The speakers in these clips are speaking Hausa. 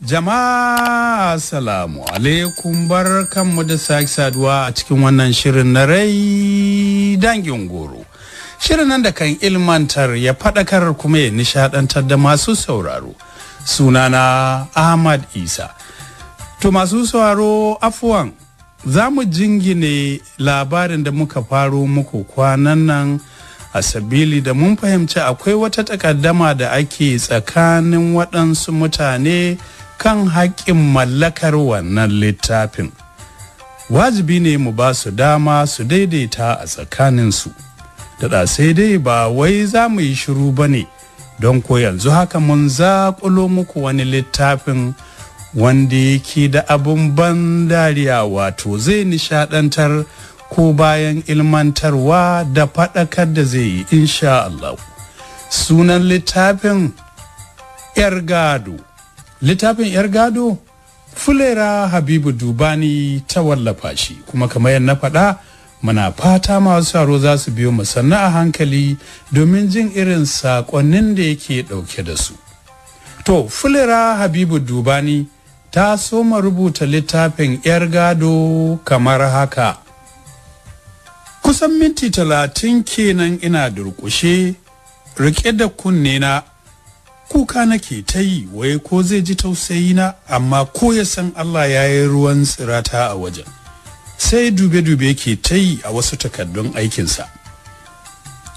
Jama'a Assalamu alaikum bar kanmu da sake saduwa a cikin wannan shirin na rai dangin goro. Shirin nan da kan ilmantar ya faɗakar kuma ya nishaɗantar da masu sauraro. Sunana Ahmad Isa. To masu sauraro afuwan za mu jingine labarin da muka faro muku kwanan nan a sabili da mun fahimci akwai wata takaddama da ake tsakanin waɗansu mutane kan haƙƙin mallakar wannan littafin wajibi ne mu ba su dama su daidaita a tsakaninsu da sai dai ba wai za mu yi shiru ba ne don ko yanzu haka mun zaƙulo muku wani littafin wanda yake da abin ban dariya wato zai nishadantar ko bayan ilmantarwa da faɗakar da zai yi insha Allah. Sunan littafin ‘yar gado. Littafin ‘yar gado? Fulera Habibu Dubani ta wallafa shi kuma kamar yadda na faɗa muna fata masu saro za su biyo mu a hankali domin jin irin sakonnin da yake ɗauke da su to fulera habibu dubani ta soma rubuta littafin yar gado kamar haka kusan minti talatin kenan ina durƙushe rike da kunne na kuka nake ta yi wai ko zai ji tausayi na amma ko ya san Allah ya yi ruwan tsirata a wajen sai dube-dube ke ta yi a wasu takardun aikinsa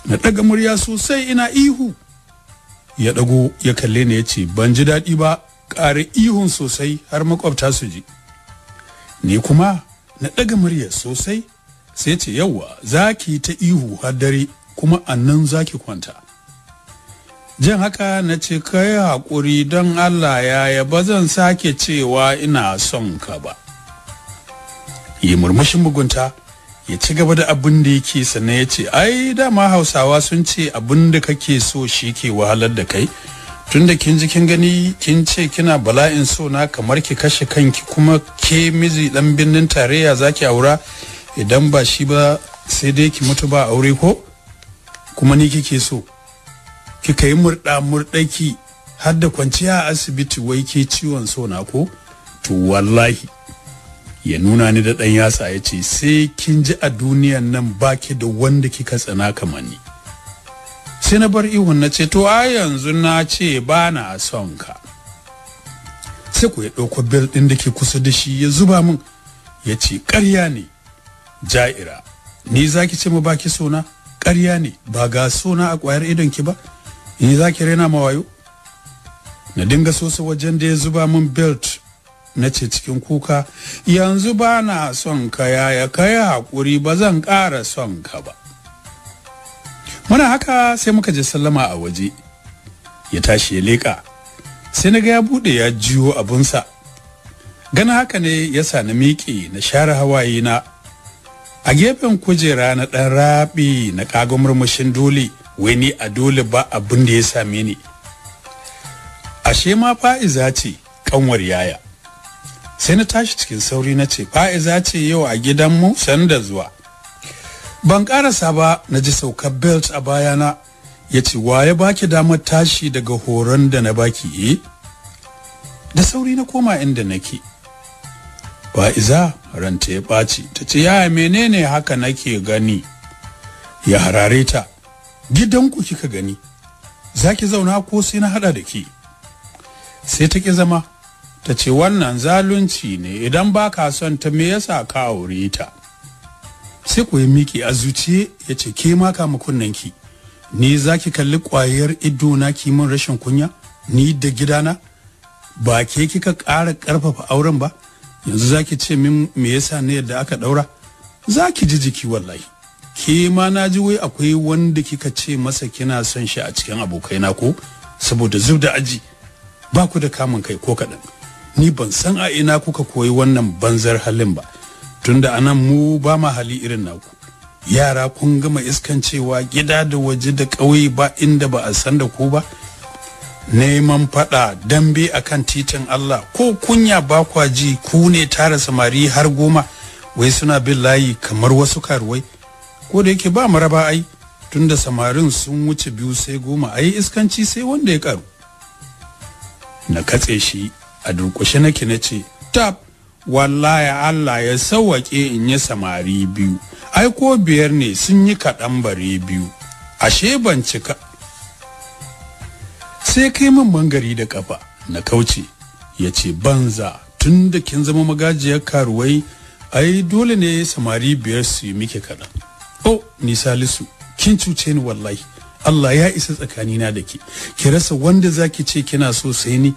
na ɗaga murya sosai ina ihu ya ɗago ya kalle ni ya ce ban ji daɗi ba ƙari ihun sosai har makwabta su ji ni kuma na ɗaga murya sosai sai ce yauwa za ki ta ihu har dare kuma annan za ki kwanta jin haka na ce kai haƙuri don allah ya ba zan sake cewa ina son ka ba yi murmushin mugunta ya ci gaba da abin da yake sannan ya ce ai dama hausawa sun ce abin da kake so shi ke wahalar da kai tunda kin ji kin gani kin ce kina bala'in so na kamar ki kashe kanki kuma ke miji dan birnin tarayya zaki aura idan ba shi ba sai dai ki mutu ba aure ko kuma ni kike so kika yi murɗa murɗaki har da kwanciya a asibiti wai ke ciwon so na ko to wallahi ya nuna ni da ɗan yatsa ya ce sai kin ji a duniyan nan baki da wanda kika tsana kamar ni sai na bar ihun na ce to a yanzu na ce ba na son ka sai ku ya ɗauko bil ɗin da ke kusa da shi ya zuba min ya ce ƙarya ne ja'ira ni zaki ce mu baki sona ƙarya ne ba ga sona a ƙwayar idon ki ba ni zaki rena mawayo na dinga sosa wajen da ya zuba min belt na ce cikin kuka yanzu ba na son ka yaya kai hakuri ba zan ƙara son ka ba muna haka sai muka je sallama a waje ya tashi ya leƙa sai na ga ya buɗe ya jiyo abunsa gana haka ne ya sa na miƙe na share hawaye na a gefen kujera na ɗan Rabi na kaga murmushin dole wai ni a dole ba abin da ya same ni ashe ma fa'iza ce kanwar yaya sai na tashi cikin sauri na ce fa'iza ce yau a gidanmu sanda zuwa ban karasa ba na ji saukar belt a bayana ya ce ya baki damar tashi daga horon da na baki eh da sauri na koma inda nake fa'iza ranta ya ɓaci ta ce yaya menene haka nake gani ya harare ta gidanku kika gani zaki zauna ko sai na hada da ki sai ta ki zama ta ce wannan zalunci ne idan ba ka son ta me yasa ka aure ta sai ku yi miki a zuciye ya ce ke ma kama ki ni zaki kalli kwayar ido na ki min rashin kunya ni da gidana ba ke kika ƙara ƙarfafa auren ba yanzu zaki ce min me yasa ne yadda aka daura zaki ji jiki wallahi ke ma na ji wai akwai wanda kika ce masa kina son shi a cikin abokai na ko saboda zub da aji ba ku da kamun kai ko kadan. ni ban san a ina kuka koyi wannan banzar halin ba tunda anan mu ba ma hali irin naku yara kun gama iskan cewa gida da waje da ƙauye ba inda ba a san da ku ba neman fada dambe akan titin Allah ko kunya ba kwa ji ku ne tara samari har goma wai suna bin layi kamar wasu karuwai ko da yake ba maraba ai tunda samarin sun wuce biyu sai goma ai iskanci sai wanda ya karu na katse shi a durkushe nake na ce tap wallahi Allah ya sawwake in yi samari biyu ai ko biyar ne sun yi kaɗan bare biyu ashe ban cika sai kai min mangari da kafa na kauce ya ce banza tun da kin zama magajiyar karuwai ai dole ne samari biyar su yi miki kaɗan oh ni salisu kin cuce ni wallahi Allah ya isa tsakanina da ke ki rasa wanda zaki ce kina so sai ni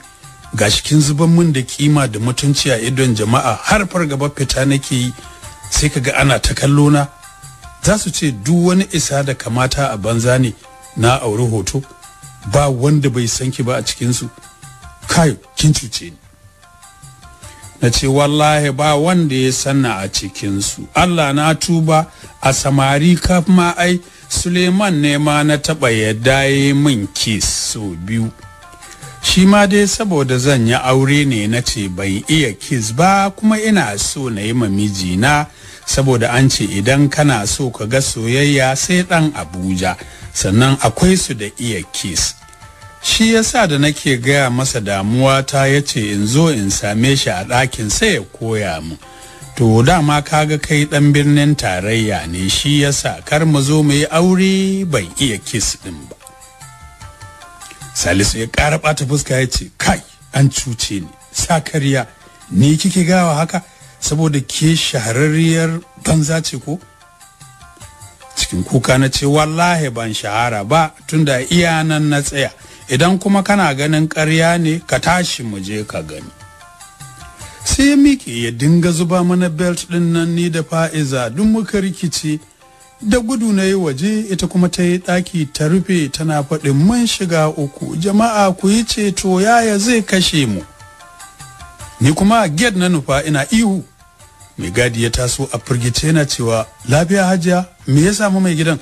gashi kin zuban min da kima da mutunci a idon jama'a har fargaba fita nake yi sai kaga ana ta kallo na za su ce duk wani isa da kamata a banza ne na auri hoto ba wanda bai san ki ba a cikinsu kai kin cuce ni na ce wallahi ba wanda ya sanna a cikinsu allah na tuba a samari kafin ma ai suleiman ne ma na taɓa yadda daye min kis so biyu shi ma dai saboda zan yi aure ne na ce ban iya kis ba kuma ina so na yi na saboda an ce idan kana so ka ga soyayya sai ɗan abuja sannan akwai su da iya kis shi yasa da nake gaya masa damuwa ta ya ce in zo in same shi a ɗakin sai ya koya mu to dama kaga kai ɗan birnin tarayya ne shi yasa kar mu zo mu yi aure bai iya kis ɗin ba salisu ya ƙara ɓata fuska ya ce kai an cuce ni sakariya ni kike gawa haka saboda ke shahararriyar banza ce ko cikin kuka na ce wallahi ban shahara ba tunda iya nan na tsaya idan kuma kana ganin karya ne ka tashi mu je ka gani sai ya ya dinga zuba mana belt ɗin nan ni da fa'iza duk muka rikice da gudu na yi waje ita kuma ta yi ɗaki ta rufe tana faɗin mun shiga uku jama'a ku yi ceto yaya zai kashe mu ni kuma gate na nufa ina ihu mai gadi ya taso a firgice yana cewa lafiya hajiya me ya samu mai gidan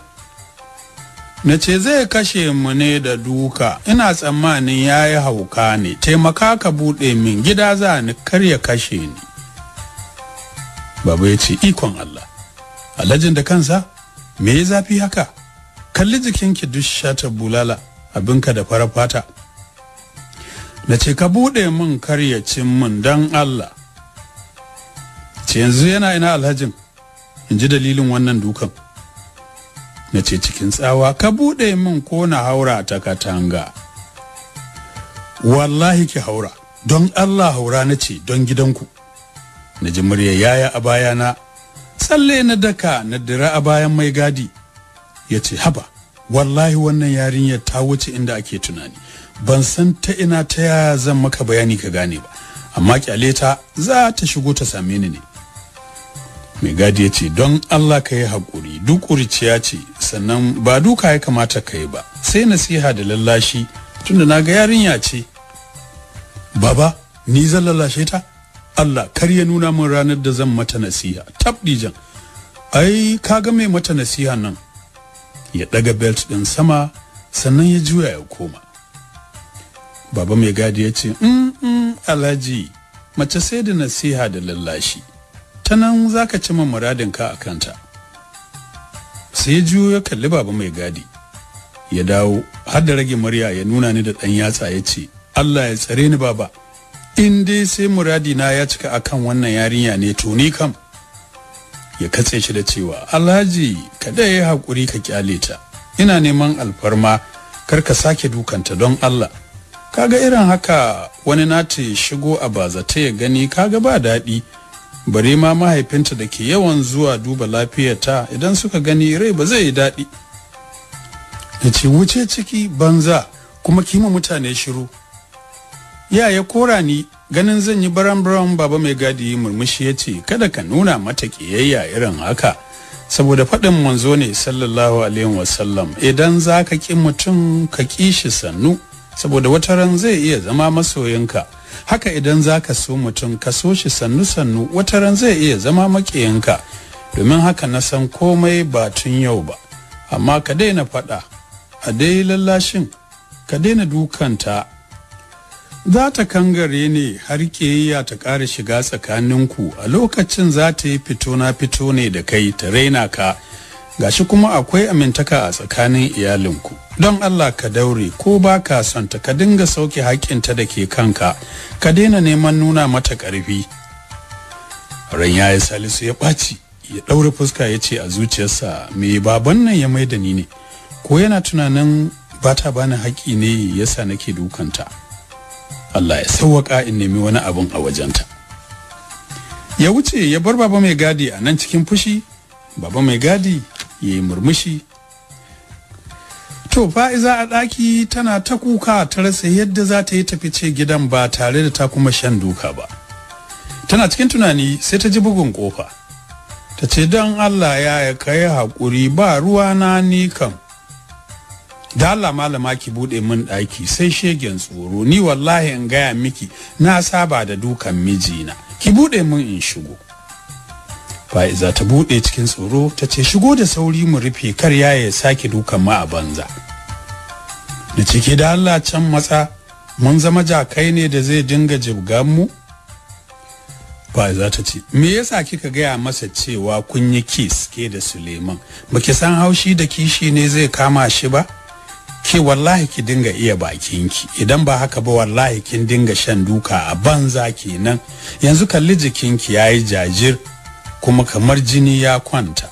na ce zai kashe mu ne da duka ina tsammanin ya yi hauka ne taimaka ka buɗe min gida za ni karya kashe ni baba ya ce ikon Allah alhajin da kansa me ya zafi haka kalli jikinki duk shata bulala abinka da fara fata na ce ka buɗe min karyacin cin min don Allah ce yanzu yana ina alhajin in ji dalilin wannan dukan na ce cikin tsawa ka buɗe min ko na haura ta katanga wallahi ki haura don allah haura na ce don gidanku na ji murya yaya a bayana tsalle na daka na dira a bayan mai gadi ya ce haba wallahi wannan yarinyar ta wuce inda ake tunani ban san ta ina ta yaya zan maka bayani ka gane ba amma kyale ta za ta shigo ta same ni ne mai gadi ya ce don allah ka yi haƙuri duk ƙuriciya ce sannan ba duka ya kamata ka yi ba sai nasiha da lallashi tunda na ga yarinya ce baba ni zan lallashe ta allah kar ya nuna min ranar da zan mata nasiha tabdijan ai ga mai mata nasiha nan ya ɗaga belt ɗin sama sannan ya juya ya koma baba mai gadi ya ce mm, mm, alhaji mace sai da nasiha da lallashi ta nan za ka cimma muradinka a kanta sai juyo ya kalli baba mai gadi ya dawo har da rage murya ya nuna ni da ɗan yatsa ya ce allah ya tsare ni baba in dai sai muradi na ya cika akan wannan yarinya ne to ni kam ya katse shi da cewa alhaji kada ya haƙuri ka kyale ta ina neman alfarma kar ka sake dukanta don allah kaga irin haka wani nati shigo a bazata ya gani kaga ba daɗi Bari ma mahaifinta da ke yawan zuwa duba lafiyarta idan suka gani rai ba zai yi daɗi ya ce wuce ciki banza kuma kima mutane shiru ya ya kora ni ganin zan yi baran baran baba mai gadi murmushi ya ce kada ka nuna mata kiyayya irin haka saboda faɗin manzo ne sallallahu alaihi wasallam idan za ka ƙi mutum ka ƙi shi sannu saboda wata ran zai iya zama masoyinka haka idan zaka so mutum ka so shi sannu-sannu wata ran zai iya zama maƙiyinka domin haka na san komai ba tun yau ba amma ka daina faɗa a dai lallashin ka daina dukanta za ta kangare ne har ya ta ƙara shiga tsakaninku a lokacin za ta yi fito na fito ne da kai ta raina ka gashi kuma akwai amintaka a tsakanin iyalinku don Allah ka daure ko ba ka santa ka dinga sauke hakinta da ke kanka ka daina neman nuna mata ƙarfi ran ya yi salisu ya ɓaci ya ɗaure fuska ya ce a zuciyarsa me baban nan ya mai da ni ne ko yana tunanin ba ta bani haƙƙi ne ya yasa nake dukanta Allah ya sauwaƙa in nemi wani abun a wajenta ya wuce ya bar baba mai gadi a nan cikin fushi baba mai gadi ya yi murmushi to fa'iza a ɗaki tana ta kuka ta rasa yadda za ta yi tafice gidan ba tare da ta kuma shan duka ba tana cikin tunani sai ta ji bugun kofa ta ce don allah ya ya kai haƙuri ba ruwa na ni kam da allah malama ki buɗe min ɗaki sai shegen tsoro ni wallahi in gaya miki na saba da dukan mijina ki buɗe min in shigo fa'iza ta buɗe cikin tsoro ta ce shigo da sauri mu rufe kar yaya sake dukan ma a banza da cike da Allah can matsa mun zama jakai ne da zai dinga jibgan mu fa'iza ta ce me yasa kika gaya masa cewa kun yi kis ke da suleiman baki san haushi da kishi ne zai kama shi ba Ki wallahi ki dinga iya bakin ki, idan ba haka ba wallahi kin dinga shan duka a banza kenan yanzu kalli jikin jikinki yayi jajir kuma kamar jini ya kwanta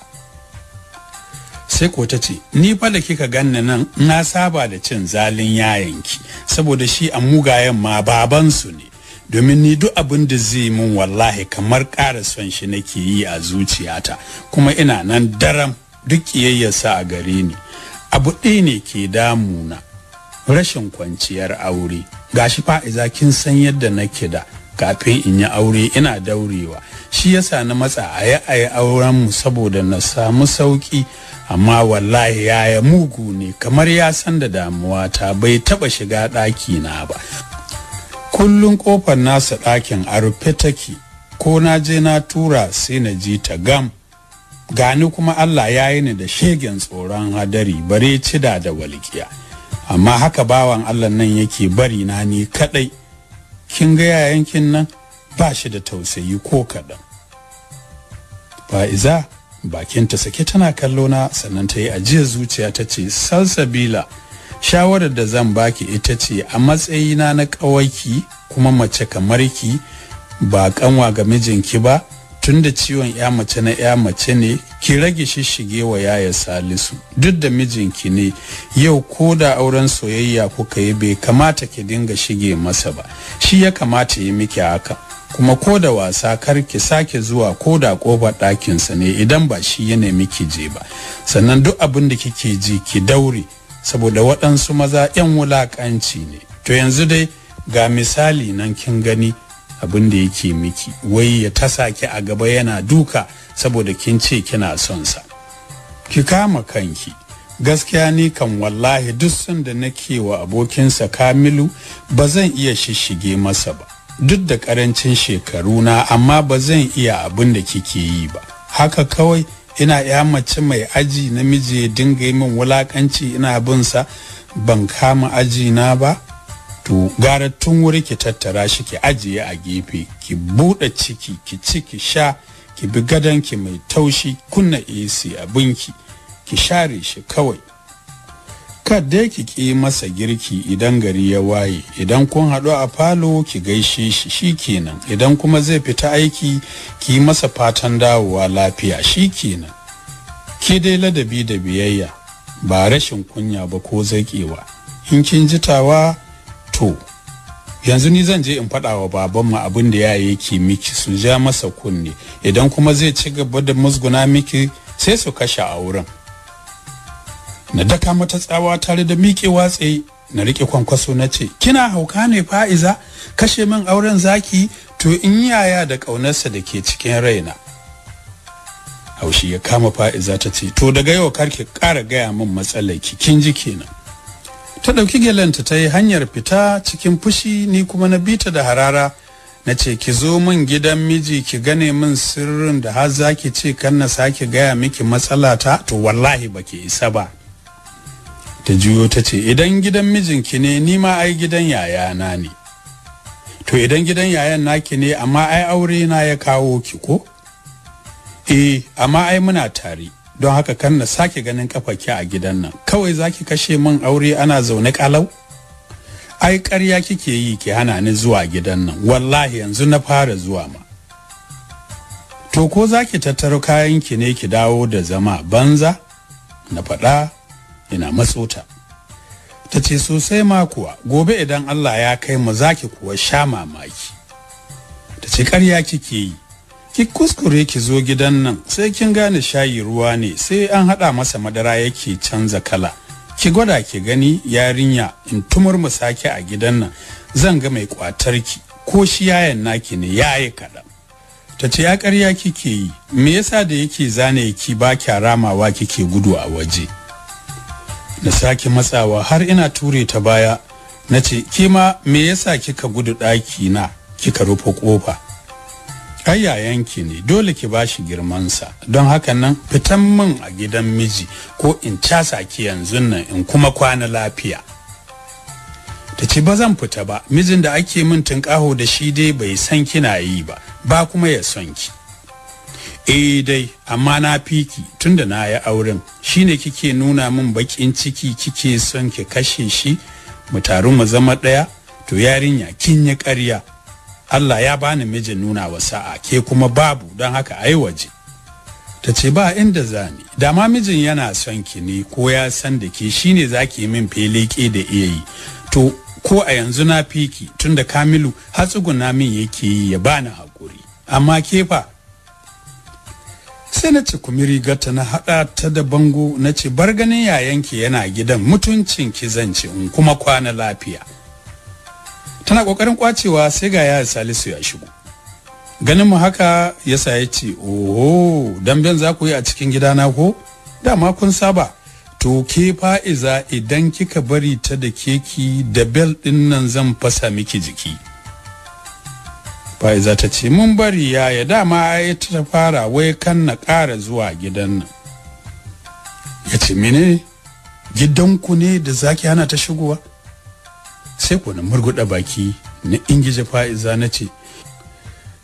sai ko ta ce ni fa da kika ganna nan na saba da cin zalin yayanki saboda shi a mugayen ma babansu ne domin ni duk abin da zai mun wallahi kamar ƙara son shi nake yi a zuciyata kuma ina nan daram duk ƙiyayyarsa a gare ni abu ɗaya ne ke damuna rashin kwanciyar aure gashi fa'iza kin san yadda nake da kafin in yi aure ina daurewa shi yasa na matsa a yi a yi auren mu saboda na samu sauki amma wallahi ya yaya mugu ne kamar ya san da damuwa ta bai taba shiga ɗaki na ba kullun kofar nasa ɗakin a rufe take ko na je na tura sai na ji ta gam gani kuma Allah ya yi ni da shegen tsoron hadari bare cida da walƙiya amma haka bawan Allah nan yake bari na ni kaɗai. kin ga yayankin nan ba shi da tausayi ko kaɗan fa'iza bakinta sake tana kallo na sannan ta yi ajiyar zuciya ta ce salsabila shawarar da zan baki ita ce a matsayina na ƙawaki kuma mace kamar ki ba kanwa ga mijinki ba tunda ciwon ya mace na ya mace ne ki rage shishige wa yaya salisu duk da mijinki ne yau ko da auren soyayya kuka yi bai kamata ki dinga shige masa ba shi ya kamata yi miki haka kuma ko da wasa kar ki sake zuwa ko da kofar ɗakinsa ne idan ba shi ya nemi ki je ba sannan duk abin da kike ji ki daure saboda waɗansu maza 'yan wulaƙanci ne to yanzu dai ga misali nan kin gani abin da yake miki wai ya tasa ki a gaba yana duka saboda kin ce kina son sa ki kama kanki gaskiya ni kan wallahi duk sun da nake wa abokinsa kamilu ba zan iya shishige masa ba duk da karancin shekaru na amma ba zan iya abin da kike yi ba haka kawai ina ya mace mai aji namiji ya dinga yi min wulakanci ina bin sa ban kama aji na ba to gara tun wuri ki tattara shi ki ajiye a gefe ki buɗe ciki ki ci ki sha ki bi ki mai taushi kunna AC abinki ki share shi kawai kadda ki ki masa girki idan gari ya waye idan kun haɗu a falo ki gaishe shi shikenan idan kuma zai fita aiki ki masa fatan dawowa lafiya shikenan ki dai ladabi da biyayya ba rashin kunya ba ko zaƙewa in kin jitawa to yanzu ni zan je in faɗa wa babanmu abin da ya yake miki su ja masa kunne idan kuma zai ci gaba da musguna miki sai su kashe a wurin na daka mata tsawa tare da miƙewa tsaye na riƙe kwankwaso na ce kina hauka ne fa'iza kashe min auren zaki to in yaya da ƙaunarsa da ke cikin raina haushi ya kama fa'iza ta ce to daga yau karki ƙara gaya min matsalar ki kin ji kenan ta ɗauki gelanta ta yi hanyar fita cikin fushi ni kuma na bita da harara na ce ki zo min gidan miji ki gane min sirrin da har za ki ce kan na sake gaya miki matsala ta to wallahi ba ki isa ba ta juyo ta ce idan gidan mijinki ne ni ma ai gidan yayana ne to idan gidan yayan naki ne amma ai aure na ya kawo ki ko eh amma ai muna tare don haka kan na sake ganin ki a gidan nan kawai zaki kashe min aure ana zaune kalau ai ƙarya kike yi ki hana ni zuwa gidan nan wallahi yanzu na fara zuwa ma to ko zaki tattaro kayan ki ne ki dawo da zama banza na faɗa ina matsota ta ce sosai ma kuwa gobe idan Allah ya kai mu zaki kuwa sha mamaki ta ce ƙarya kike yi ki kuskure ki zo gidan nan sai kin gane shayi ruwa ne sai an haɗa masa madara yake canza kala ki gwada ki gani yarinya in tumur mu sake a gidan nan zan ga mai kwatar ki ko shi yayan naki ne yayi kaɗan ta ce ya ƙarya kike yi me yasa da yake zane ki ba kya ramawa kike gudu a waje na sake matsawa har ina ture ta baya na ce kima me yasa kika gudu ɗaki na kika rufe ƙofa ai yayanki ne dole ki bashi sa don haka nan fitan min a gidan miji ko in casa ki yanzu nan in kuma kwana lafiya ta ce ba zan fita ba mijin da ake min tunƙaho da shi dai bai san kina yi ba ba kuma ya son ki eh dai amma na fiki tunda na yi auren shine kike nuna min bakin ciki kike son ki kashe shi mu taru mu zama ɗaya to yarinya kin yi ƙarya Allah ya bani mijin nuna wa sa'a ke kuma babu don haka ai waje ta ce ba inda zani da ma mijin yana son ki ne ko ya san da ke shine zaki min feleke da iya yi to ko a yanzu na fiki tunda kamilu na min yake yi ya bani hakuri amma ke fa sai na ci kumiri gata na haɗa ta da bango na ce bar ganin yayanki yana gidan mutuncin ki zance in kuma kwana lafiya tana kokarin kwacewa sai ga ya salisu ya shigo ganin mu haka yasa ya ce oho damben za ku yi a cikin gidana ko dama kun saba to ke fa'iza idan kika bari ta da keki da bel din nan zan fasa miki jiki fa'iza ta ce mun bari ya yaya dama ya ta fara wai kan na ƙara zuwa gidan nan ya ce mene gidanku ne da zaki hana ta shigowa sai ko na murguɗa baki na ingije fa'iza na ce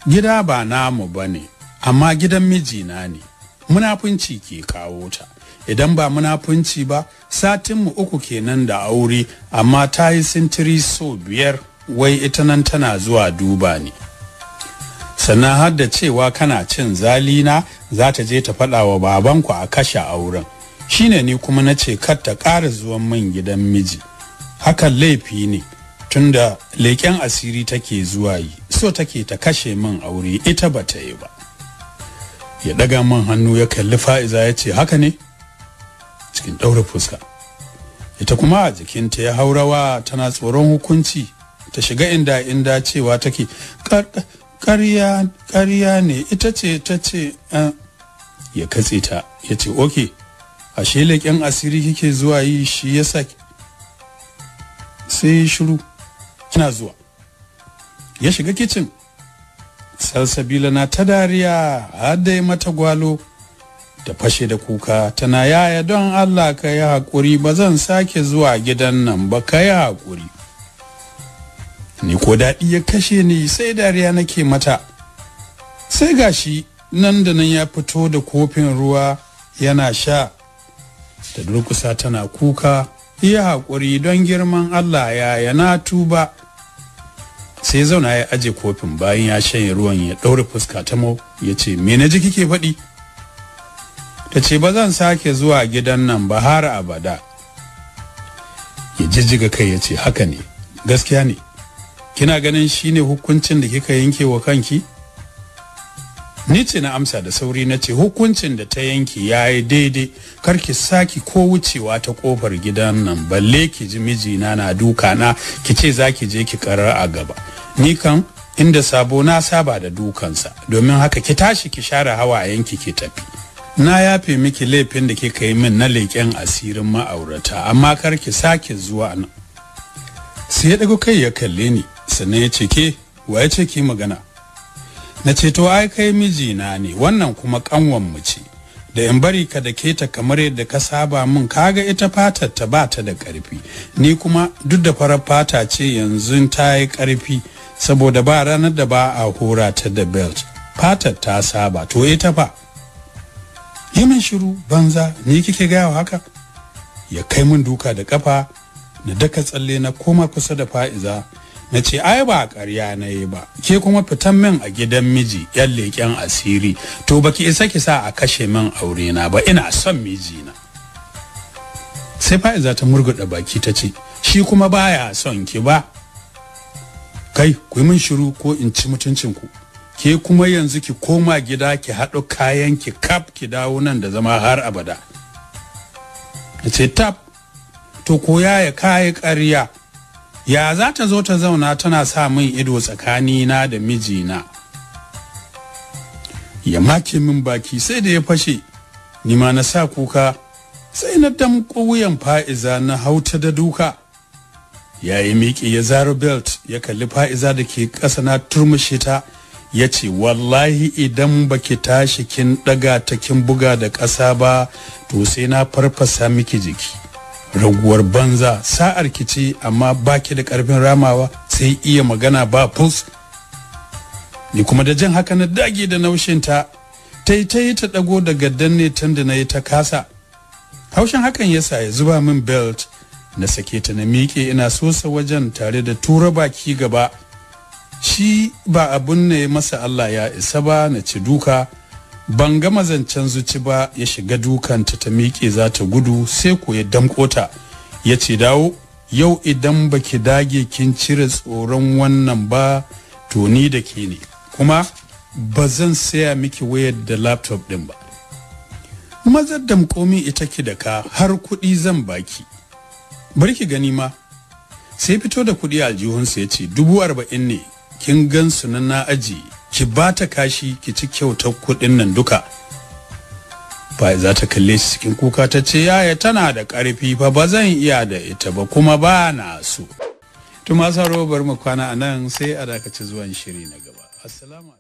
gida ba namu ba ne amma gidan miji na ne munafunci ke kawo ta idan ba munafunci ba satin mu uku kenan da aure amma ta yi sintiri so biyar wai ita nan tana zuwa duba ne sannan har da cewa kana cin zalina za ta je ta faɗa wa babanku a kashe auren shine ni kuma na ce kar ta ƙara zuwan man gidan miji hakan laifi ne tunda leƙen asiri take zuwa yi so take ta kashe min aure ita ba ta yi ba ya daga man hannu ya kalli fa'iza ya ce haka ne cikin ɗaure fuska ita kuma a jikinta ya haurawa tana tsoron hukunci ta shiga inda inda cewa take ƙarya ne ita ce ta ce ah. ya katse ta ya ce oke ashe leƙen asiri kike zuwa yi shi ya sake sai shiru kina zuwa ya shiga kicin salsabila na ta dariya hadda mata gwalo Da fashe da kuka tana yaya don allah ka yi haƙuri ba zan sake zuwa gidan nan ba ka yi haƙuri ni ko daɗi ya kashe ni sai dariya nake mata sai gashi nan da nan ya fito da kofin ruwa yana sha ta durkusa tana kuka yi haƙuri don girman Allah ya yana tuba sai zauna ya aje kofin bayan ya shanye ruwan ya ɗaure fuska ta mau ya ce me na ji kike faɗi ta ce ba zan sake zuwa gidan nan ba har abada ya jijjiga kai ya ce haka ne gaskiya ne kina ganin shine hukuncin da kika yanke wa kanki ni na amsa da sauri na ce hukuncin da ta yanki ya yi daidai kar ki saki ko wucewa ta kofar gidan nan balle ki ji mijina na duka na ki ce za ki je ki karar a gaba ni kan inda sabo na saba da dukansa domin haka ki tashi ki share yanki ki tafi na yafe miki laifin da kika yi min na leƙen asirin ma'aurata amma kar ki sake zuwa nan sai ya dago kai ya kalle ni sannan ya ce ke wa ya ce ki magana na ce to ai kai mijina ne wannan kuma kanwan mu ce da in bari ka da ta kamar yadda ka saba min kaga ita fatar ta bata da karfi ni kuma duk da farar fata ce yanzu ta yi karfi saboda ba ranar da ba a hora ta da belt fatar ta saba to ita fa yi min shiru banza ni kike gaya haka ya kai mun duka da kafa na daka tsalle na koma kusa da fa'iza na ce ai ba ƙarya na yi ba ke kuma fitan min a gidan miji yan leƙen asiri to baki isa ki sa a kashe min aure na ba ina son mijina sai fa'iza ta murguɗa baki ta ce shi kuma baya son ki ba kai ku min shiru ko in ci mutuncin ku ke kuma yanzu ki koma gida ki haɗo kayan ki kaf ki dawo nan da zama har abada na ce tap to koya ya kayi ƙarya ya za ta zo ta zauna tana sa min ido tsakani na da mijina ya make min baki sai da ya fashe ni ma na sa kuka sai na damƙo wuyan fa'iza na hauta da duka ya yi miƙe ya zaro belt ya kalli fa'iza da ke ƙasa na turmushe ta ya ce wallahi idan baki tashi kin ɗaga ta kin buga da ƙasa ba to sai na farfasa miki jiki raguwar banza sa'ar ki ce amma baki da karfin ramawa sai iya magana ba puls ni kuma da jan haka na dage da naushinta ta yi ta yi ta dago daga danne tun da na yi ta kasa haushin hakan ya sa ya zuba min belt na sake ta na miƙe ina sosa wajen tare da tura baki gaba shi ba abun ne masa Allah ya isa ba na ci duka ban gama mazancan zuci ba ya shiga dukanta ta miƙe za ta gudu sai ko ya damƙo ta ya ce dawo yau idan baki dage kin cire tsoron wannan ba to ni da ke ne kuma ba zan saya miki wayar da laptop din ba mazar damƙomi ita ki da ka har kuɗi zan baki bari ki gani ma sai fito da kuɗi aljihunsa ya ce dubu arba'in ne kin gan su na aji ki ba ta kashi ki ci kyautar kuɗin nan duka ba za ta kalle shi cikin kuka ta ce yaya tana da karfi fa ba zan iya da ita ba kuma ba na so tuma saro bar mu kwana anan sai a dakace zuwan shiri na gaba assalamu